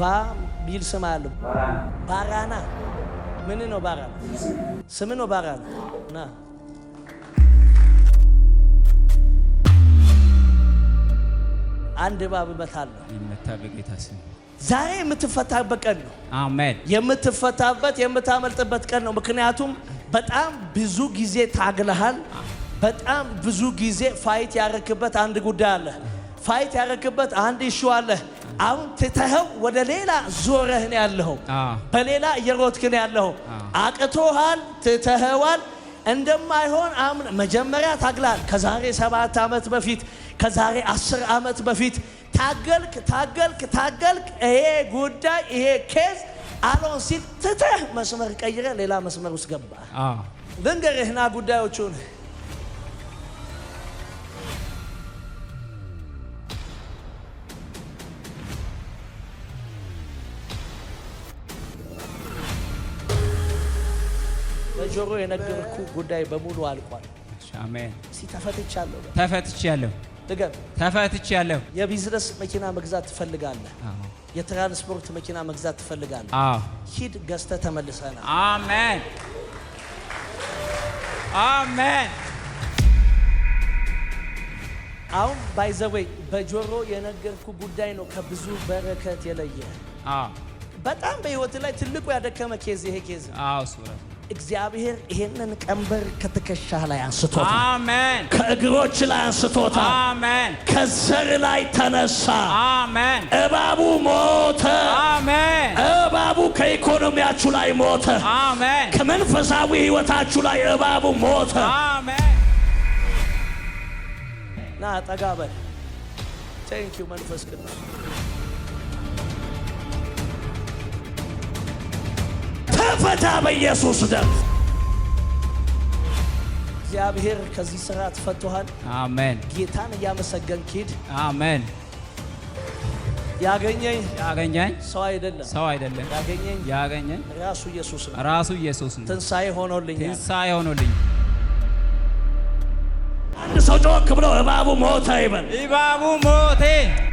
ባ ቢል ስም አለ ባራና ምን ነው? ባራና ስም ነው። ባራና ና አንድ እባብ እመታለሁ። ዛሬ የምትፈታበት ቀን ነው። አሜን። የምትፈታበት የምታመልጥበት ቀን ነው። ምክንያቱም በጣም ብዙ ጊዜ ታግለሃል። በጣም ብዙ ጊዜ ፋይት ያረክበት አንድ ጉዳይ አለ። ፋይት ያረክበት አንድ ይሹ አለ። አሁን ትተኸው ወደ ሌላ ዞረህን ያለኸው በሌላ እየሮትክን ያለኸው አቅቶሃል፣ ትተኸዋል። እንደማይሆን አምን መጀመሪያ ታግላል። ከዛሬ ሰባት ዓመት በፊት ከዛሬ አስር ዓመት በፊት ታገልክ፣ ታገልክ፣ ታገልክ። ይሄ ጉዳይ ይሄ ኬዝ አሎን ሲል ትተህ መስመር ቀይረ ሌላ መስመር ውስጥ ገባ። ልንገርህ ጉዳዮቹን በጆሮ የነገርኩ ጉዳይ በሙሉ አልቋል። ተፈትቻለሁ ተፈትቻለሁ ድገም። ተፈትቻለሁ። የቢዝነስ መኪና መግዛት ትፈልጋለህ? የትራንስፖርት መኪና መግዛት ትፈልጋለህ? ሂድ ገዝተህ ተመልሰና። አሜን አሜን። አሁን ባይዘወይ በጆሮ የነገርኩ ጉዳይ ነው ከብዙ በረከት የለየ በጣም በህይወት ላይ ትልቁ ያደከመ ኬዝ ይሄ ኬዝ እግዚአብሔር ይሄንን ቀንበር ከትከሻህ ላይ አንስቶታል። አሜን። ከእግሮች ላይ አንስቶታል። አሜን። ከዘር ላይ ተነሳ። አሜን። እባቡ ሞተ። አሜን። እባቡ ከኢኮኖሚያችሁ ላይ ሞተ። አሜን። ከመንፈሳዊ ሕይወታችሁ ላይ እባቡ ሞተ። አሜን። ና ጠጋ በል። መንፈስ ቅዱስ ፈታ በኢየሱስ ደም። እግዚአብሔር ከዚህ ስራ ትፈቷሃል። አሜን። ጌታን እያመሰገን ኪድ አሜን። ያገኘኝ ያገኘኝ ሰው አይደለም ሰው አይደለም። ያገኘኝ ያገኘኝ ራሱ ኢየሱስ ነው ራሱ ኢየሱስ ነው። ትንሣኤ ሆኖልኝ ትንሣኤ ሆኖልኝ። አንድ ሰው ጮክ ብሎ እባቡ ሞተ ይበል። እባቡ ሞተ